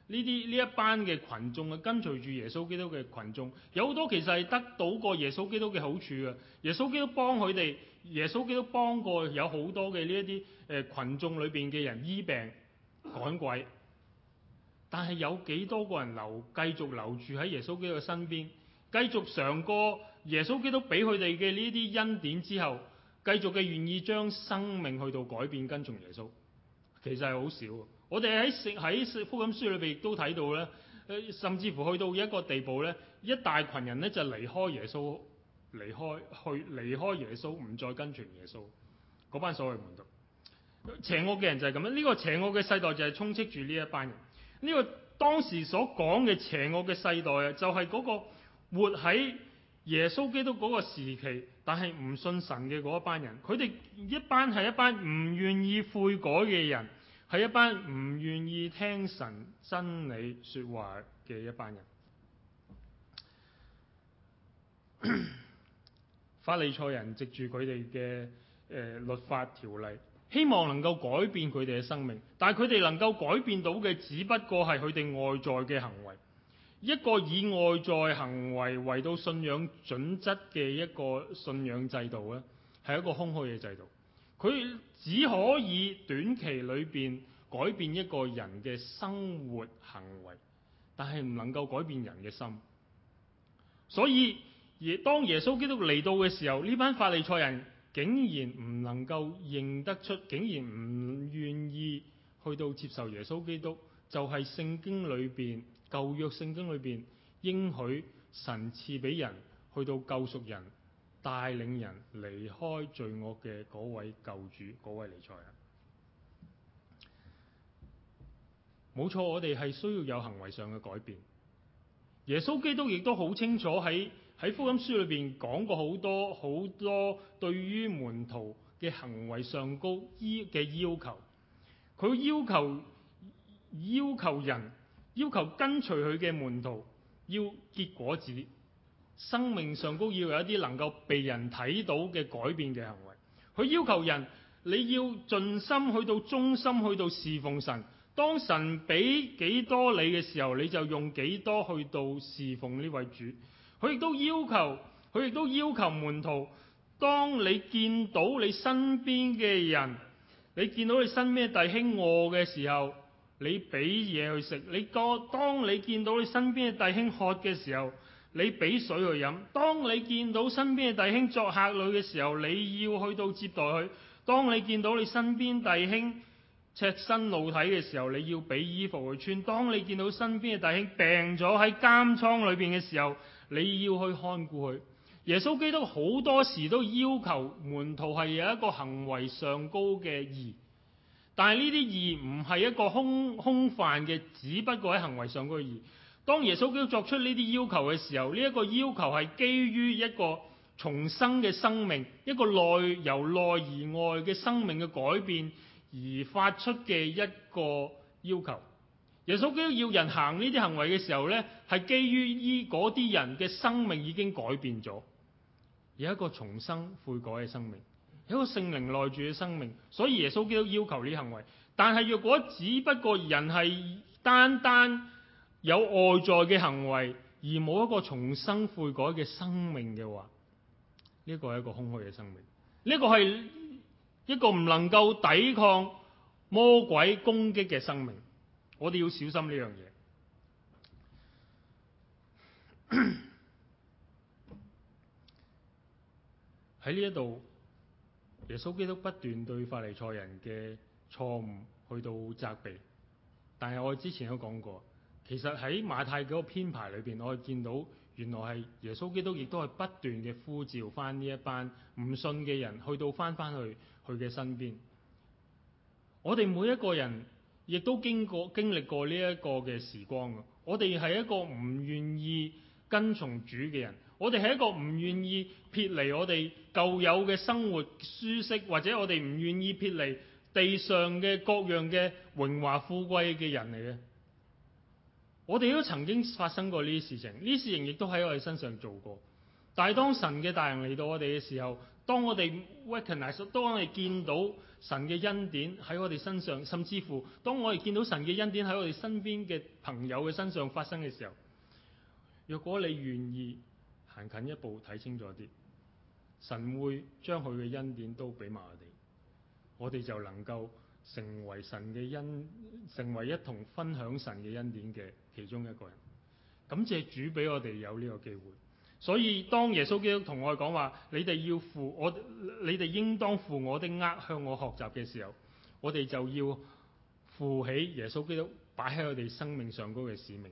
A: 呢啲呢一班嘅群眾啊，跟隨住耶穌基督嘅群眾，有好多其實係得到過耶穌基督嘅好處嘅。耶穌基督幫佢哋，耶穌基督幫過有好多嘅呢一啲誒群眾裏邊嘅人醫病趕鬼。但係有幾多個人留繼續留住喺耶穌基督嘅身邊，繼續嘗過耶穌基督俾佢哋嘅呢啲恩典之後，繼續嘅願意將生命去到改變跟從耶穌，其實係好少。我哋喺喺食福音書裏邊亦都睇到咧，甚至乎去到一個地步咧，一大群人咧就離開耶穌，離開去離開耶穌，唔再跟從耶穌。嗰班所謂門徒，邪惡嘅人就係咁樣。呢、這個邪惡嘅世代就係充斥住呢一班人。呢、這個當時所講嘅邪惡嘅世代啊，就係嗰個活喺耶穌基督嗰個時期，但係唔信神嘅嗰一班人。佢哋一班係一班唔願意悔改嘅人。係一班唔願意聽神真理說話嘅一班人， [COUGHS] 法利賽人藉住佢哋嘅誒律法條例，希望能夠改變佢哋嘅生命，但係佢哋能夠改變到嘅只不過係佢哋外在嘅行為。一個以外在行為為到信仰準則嘅一個信仰制度咧，係一個空虛嘅制度。佢只可以短期裏邊改變一個人嘅生活行為，但係唔能夠改變人嘅心。所以，當耶穌基督嚟到嘅時候，呢班法利賽人竟然唔能夠認得出，竟然唔願意去到接受耶穌基督，就係聖經裏邊舊約聖經裏邊應許神賜俾人去到救贖人。帶領人離開罪惡嘅嗰位救主，嗰位彌賽亞！冇錯，我哋係需要有行為上嘅改變。耶穌基督亦都好清楚喺喺福音書裏邊講過好多好多對於門徒嘅行為上高依嘅要求。佢要求，要求人，要求跟隨佢嘅門徒要結果子。生命上高要有一啲能夠被人睇到嘅改變嘅行為。佢要求人你要盡心去到忠心去到侍奉神。當神俾幾多你嘅時候，你就用幾多去到侍奉呢位主。佢亦都要求，佢亦都要求門徒。當你見到你身邊嘅人，你見到你身邊嘅弟兄餓嘅時候，你俾嘢去食。你個當你見到你身邊嘅弟兄渴嘅時候，你俾水去飲。當你見到身邊嘅弟兄作客旅嘅時候，你要去到接待佢。當你見到你身邊弟兄赤身露體嘅時候，你要俾衣服去穿。當你見到身邊嘅弟兄病咗喺監倉裏邊嘅時候，你要去看顧佢。耶穌基督好多時都要求門徒係有一個行為上高嘅義，但係呢啲義唔係一個空空泛嘅，只不過喺行為上高嘅義。當耶穌基督作出呢啲要求嘅時候，呢、這、一個要求係基於一個重生嘅生命，一個內由內而外嘅生命嘅改變而發出嘅一個要求。耶穌基督要人行呢啲行為嘅時候，呢係基於依嗰啲人嘅生命已經改變咗，有一個重生悔改嘅生命，有一個聖靈內住嘅生命，所以耶穌基督要求呢啲行為。但係若果只不過人係單單，有外在嘅行為而冇一個重生悔改嘅生命嘅話，呢個係一個空虛嘅生命，呢個係一個唔能夠抵抗魔鬼攻擊嘅生命。我哋要小心呢樣嘢。喺呢一度，耶穌基督不斷對法利賽人嘅錯誤去到責備，但係我之前都講過。其實喺馬太嗰個編排裏邊，我哋見到原來係耶穌基督亦都係不斷嘅呼召翻呢一班唔信嘅人，去到翻翻去佢嘅身邊。我哋每一個人亦都經過經歷過呢一個嘅時光啊！我哋係一個唔願意跟從主嘅人，我哋係一個唔願意撇離我哋舊有嘅生活舒適，或者我哋唔願意撇離地上嘅各樣嘅榮華富貴嘅人嚟嘅。我哋都曾經發生過呢啲事情，呢啲事情亦都喺我哋身上做過。但係當神嘅大能嚟到我哋嘅時候，當我哋 recognize，當我哋見到神嘅恩典喺我哋身上，甚至乎當我哋見到神嘅恩典喺我哋身邊嘅朋友嘅身上發生嘅時候，若果你願意行近一步睇清楚啲，神會將佢嘅恩典都俾埋我哋，我哋就能夠。成為神嘅恩，成為一同分享神嘅恩典嘅其中一個人。感謝主俾我哋有呢個機會。所以當耶穌基督同我哋講話，你哋要負我，你哋應當負我的軛，向我學習嘅時候，我哋就要負起耶穌基督擺喺我哋生命上高嘅使命。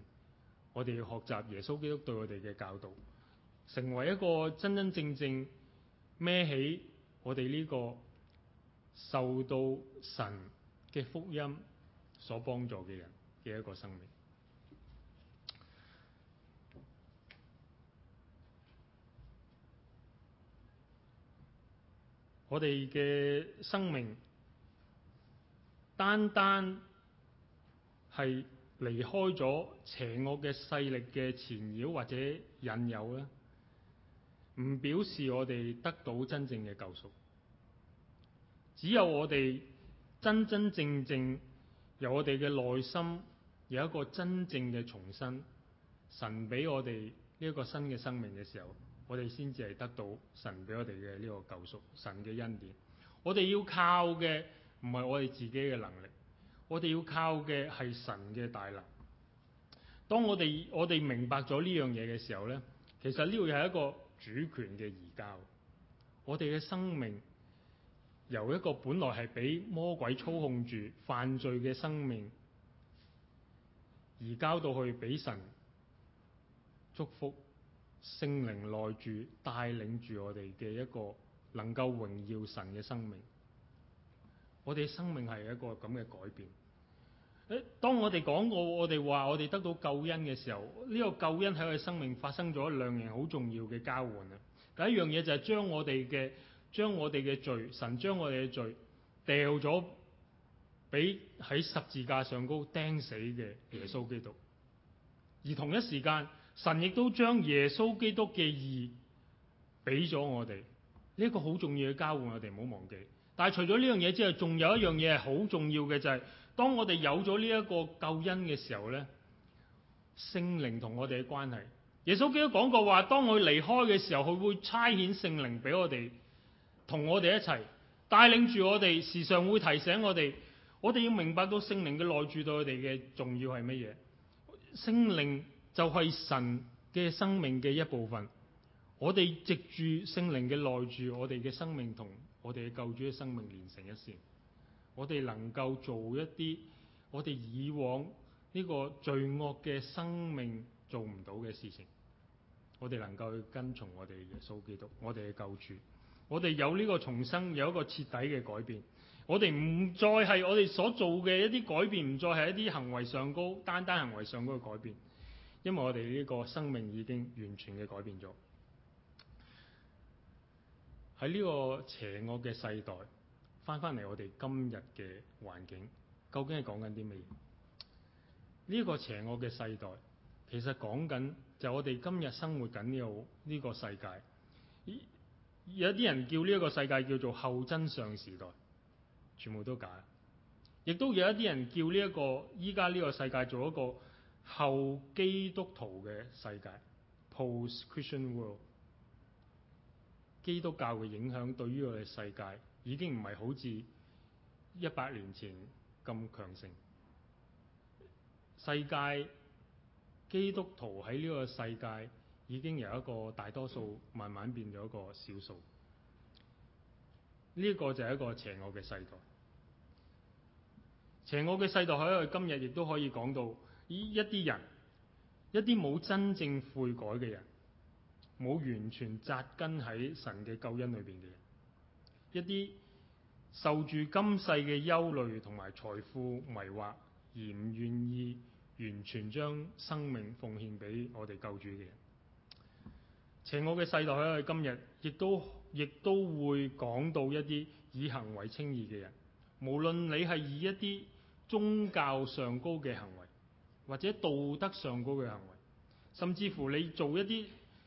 A: 我哋要學習耶穌基督對我哋嘅教導，成為一個真真正正孭起我哋呢、這個。受到神嘅福音所幫助嘅人嘅一個生命，我哋嘅生命單單係離開咗邪惡嘅勢力嘅纏繞或者引誘咧，唔表示我哋得到真正嘅救贖。只有我哋真真正正由我哋嘅內心有一個真正嘅重生，神俾我哋呢一個新嘅生命嘅時候，我哋先至係得到神俾我哋嘅呢個救贖、神嘅恩典。我哋要靠嘅唔係我哋自己嘅能力，我哋要靠嘅係神嘅大能。當我哋我哋明白咗呢樣嘢嘅時候呢，其實呢個係一個主權嘅移交，我哋嘅生命。由一個本來係俾魔鬼操控住犯罪嘅生命，移交到去俾神祝福、聖靈內住、帶領住我哋嘅一個能夠榮耀神嘅生命，我哋嘅生命係一個咁嘅改變。誒，當我哋講過，我哋話我哋得到救恩嘅時候，呢個救恩喺我哋生命發生咗兩樣好重要嘅交換啊！第一樣嘢就係將我哋嘅將我哋嘅罪，神將我哋嘅罪掉咗，俾喺十字架上高釘死嘅耶穌基督。而同一時間，神亦都將耶穌基督嘅義俾咗我哋。呢、這、一個好重要嘅交換，我哋唔好忘記。但係除咗呢樣嘢之外，仲有一樣嘢係好重要嘅，就係、是、當我哋有咗呢一個救恩嘅時候咧，聖靈同我哋嘅關係。耶穌基督講過話，當佢離開嘅時候，佢會差遣聖靈俾我哋。同我哋一齊帶領住我哋，時常會提醒我哋，我哋要明白到聖靈嘅內住對我哋嘅重要係乜嘢？聖靈就係神嘅生命嘅一部分，我哋藉住聖靈嘅內住，我哋嘅生命同我哋嘅救主嘅生命連成一線，我哋能夠做一啲我哋以往呢個罪惡嘅生命做唔到嘅事情，我哋能夠去跟從我哋嘅耶穌基督，我哋嘅救主。我哋有呢個重生，有一個徹底嘅改變。我哋唔再係我哋所做嘅一啲改變，唔再係一啲行為上高，單單行為上高嘅改變。因為我哋呢個生命已經完全嘅改變咗。喺呢個邪惡嘅世代，翻翻嚟我哋今日嘅環境，究竟係講緊啲乜嘢？呢個邪惡嘅世代，其實講緊就係我哋今日生活緊呢個呢個世界。有一啲人叫呢一個世界叫做後真相時代，全部都假。亦都有一啲人叫呢、這、一個依家呢個世界做一個後基督徒嘅世界 （post-Christian world）。基督教嘅影響對於我哋世界已經唔係好似一百年前咁強盛。世界基督徒喺呢個世界。已經由一個大多數慢慢變咗一個少數。呢、這、一個就係一個邪惡嘅世代。邪惡嘅世代，喺我哋今日亦都可以講到，呢一啲人，一啲冇真正悔改嘅人，冇完全扎根喺神嘅救恩裏邊嘅人，一啲受住今世嘅憂慮同埋財富迷惑而唔願意完全將生命奉獻俾我哋救主嘅人。邪惡嘅世代喺我哋今日，亦都亦都會講到一啲以行為稱義嘅人。無論你係以一啲宗教上高嘅行為，或者道德上高嘅行為，甚至乎你做一啲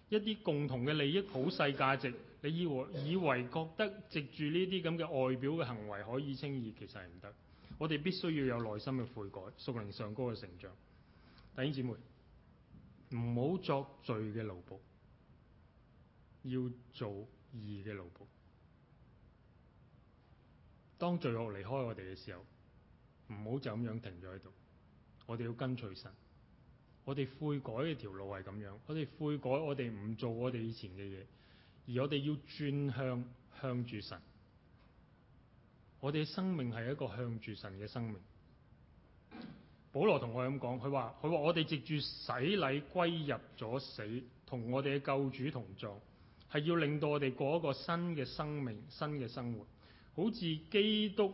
A: 一啲共同嘅利益好細價值，你以為以為覺得藉住呢啲咁嘅外表嘅行為可以稱義，其實係唔得。我哋必須要有內心嘅悔改，屬靈上高嘅成長。弟兄姊妹，唔好作罪嘅奴僕。要做義嘅老婆。當罪惡離開我哋嘅時候，唔好就咁樣停咗喺度。我哋要跟隨神，我哋悔改嘅條路係咁樣。我哋悔改，我哋唔做我哋以前嘅嘢，而我哋要轉向向住神。我哋嘅生命係一個向住神嘅生命。保羅同我哋咁講，佢話佢話我哋藉住洗禮歸入咗死，同我哋嘅救主同葬。係要令到我哋過一個新嘅生命，新嘅生活，好似基督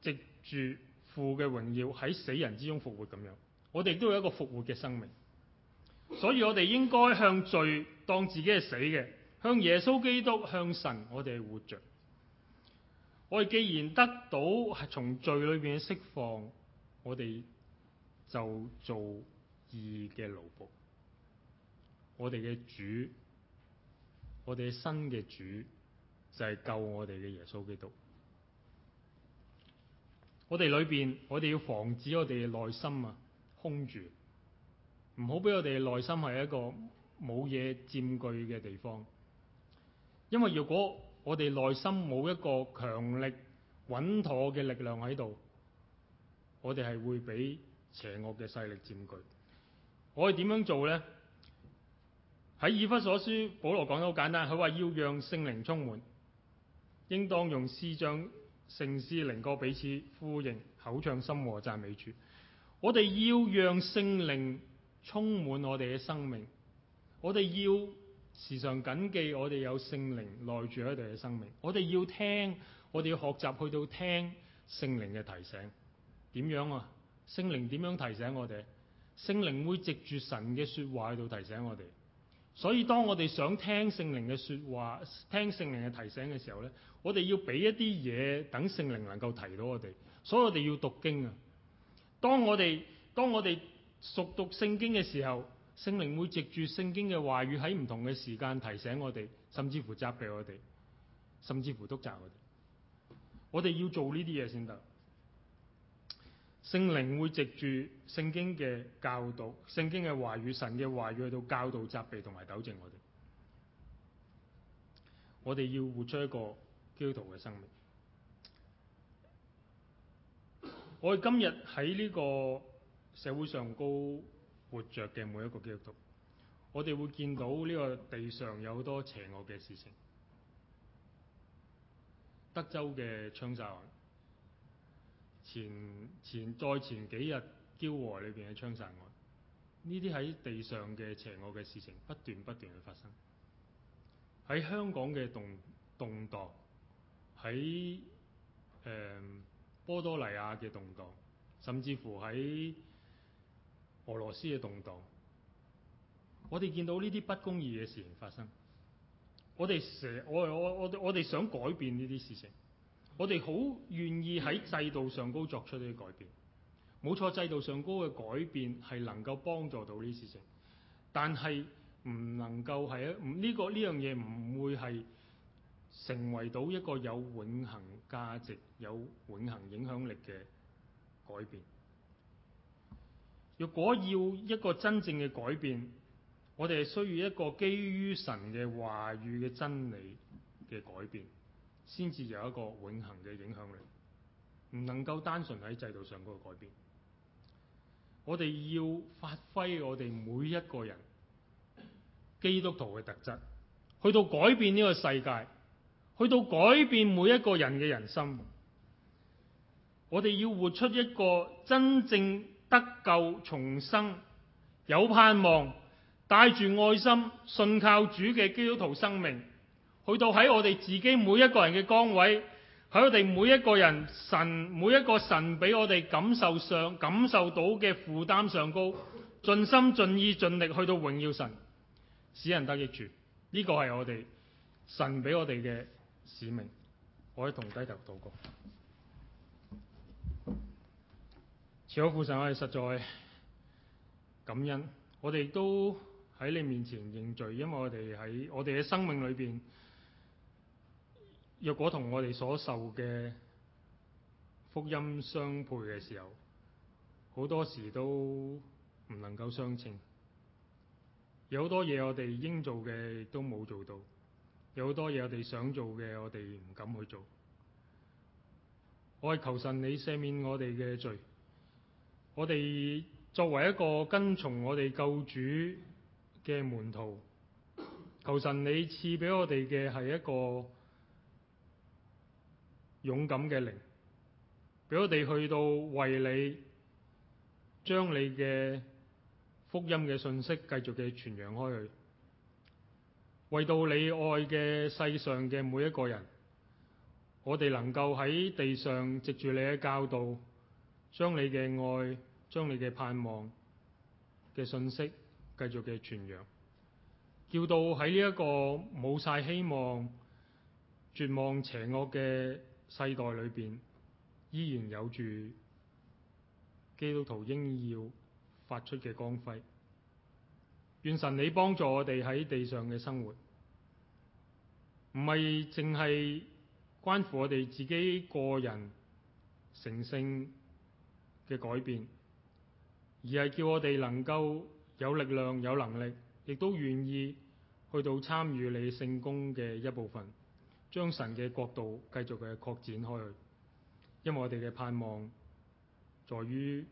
A: 藉住父嘅榮耀喺死人之中復活咁樣，我哋都有一個復活嘅生命。所以我哋應該向罪當自己係死嘅，向耶穌基督，向神，我哋係活着。我哋既然得到係從罪裏邊嘅釋放，我哋就做義嘅奴僕，我哋嘅主，我哋新嘅主就係救我哋嘅耶穌基督。我哋裏邊，我哋要防止我哋嘅內心啊空住，唔好俾我哋嘅內心係一個冇嘢佔據嘅地方。因為如果我哋內心冇一個強力、穩妥嘅力量喺度，我哋係會俾邪惡嘅勢力佔據。我哋點樣做咧？喺以弗所書，保羅講得好簡單，佢話要讓聖靈充滿，應當用詩章、聖詩、靈歌彼此呼應、口唱心和讚美主。我哋要讓聖靈充滿我哋嘅生命，我哋要時常謹記我哋有聖靈內住喺我哋嘅生命。我哋要聽，我哋要學習去到聽聖靈嘅提醒，點樣啊？聖靈點樣提醒我哋？聖靈會藉住神嘅說話喺度提醒我哋。所以，當我哋想聽聖靈嘅說話，聽聖靈嘅提醒嘅時候咧，我哋要俾一啲嘢等聖靈能夠提到我哋，所以我哋要讀經啊！當我哋當我哋熟讀聖經嘅時候，聖靈會藉住聖經嘅話語喺唔同嘅時間提醒我哋，甚至乎責備我哋，甚至乎督責我哋。我哋要做呢啲嘢先得。聖靈會藉住聖經嘅教導，聖經嘅話語、神嘅話語，去到教導、責備同埋糾正我哋。我哋要活出一個基督徒嘅生命。我哋今日喺呢個社會上高活着嘅每一個基督徒，我哋會見到呢個地上有好多邪惡嘅事情。德州嘅槍殺案。前前再前幾日，焦和裏邊嘅槍殺案，呢啲喺地上嘅邪惡嘅事情不斷不斷去發生。喺香港嘅動，動動盪，喺誒、嗯、波多利亞嘅動盪，甚至乎喺俄羅斯嘅動盪。我哋見到呢啲不公義嘅事情發生，我哋成我我我我哋想改變呢啲事情。我哋好願意喺制度上高作出呢啲改變，冇錯，制度上高嘅改變係能夠幫助到呢事情，但係唔能夠係一，呢個呢樣嘢唔會係成為到一個有永恆價值、有永恆影響力嘅改變。若果要一個真正嘅改變，我哋係需要一個基於神嘅話語嘅真理嘅改變。先至有一個永恆嘅影響力，唔能夠單純喺制度上改變。我哋要發揮我哋每一個人基督徒嘅特質，去到改變呢個世界，去到改變每一個人嘅人生。我哋要活出一個真正得救重生、有盼望、帶住愛心、信靠主嘅基督徒生命。去到喺我哋自己每一個人嘅崗位，喺我哋每一個人神每一個神俾我哋感受上感受到嘅負擔上高，盡心盡意盡力去到榮耀神，使人得益處，呢、這個係我哋神俾我哋嘅使命。我哋一同低頭禱告，慈悲父神，我哋實在感恩，我哋亦都喺你面前認罪，因為我哋喺我哋嘅生命裏邊。若果同我哋所受嘅福音相配嘅時候，好多時都唔能夠相稱，有好多嘢我哋應做嘅都冇做到，有好多嘢我哋想做嘅我哋唔敢去做。我係求神你赦免我哋嘅罪，我哋作為一個跟從我哋救主嘅門徒，求神你賜俾我哋嘅係一個。勇敢嘅靈，俾我哋去到為你將你嘅福音嘅信息繼續嘅傳揚開去，為到你愛嘅世上嘅每一個人，我哋能夠喺地上藉住你嘅教導，將你嘅愛、將你嘅盼望嘅信息繼續嘅傳揚，叫到喺呢一個冇晒希望、絕望、邪惡嘅。世代裏邊依然有住基督徒應要發出嘅光輝，願神你幫助我哋喺地上嘅生活，唔係淨係關乎我哋自己個人成聖嘅改變，而係叫我哋能夠有力量、有能力，亦都願意去到參與你聖工嘅一部分。將神嘅國度繼續嘅擴展開去，因為我哋嘅盼望在於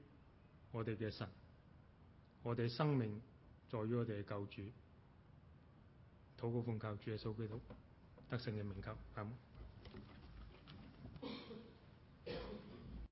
A: 我哋嘅神，我哋嘅生命在於我哋嘅救主，禱告奉靠主嘅耶穌基督，得勝嘅名求咁。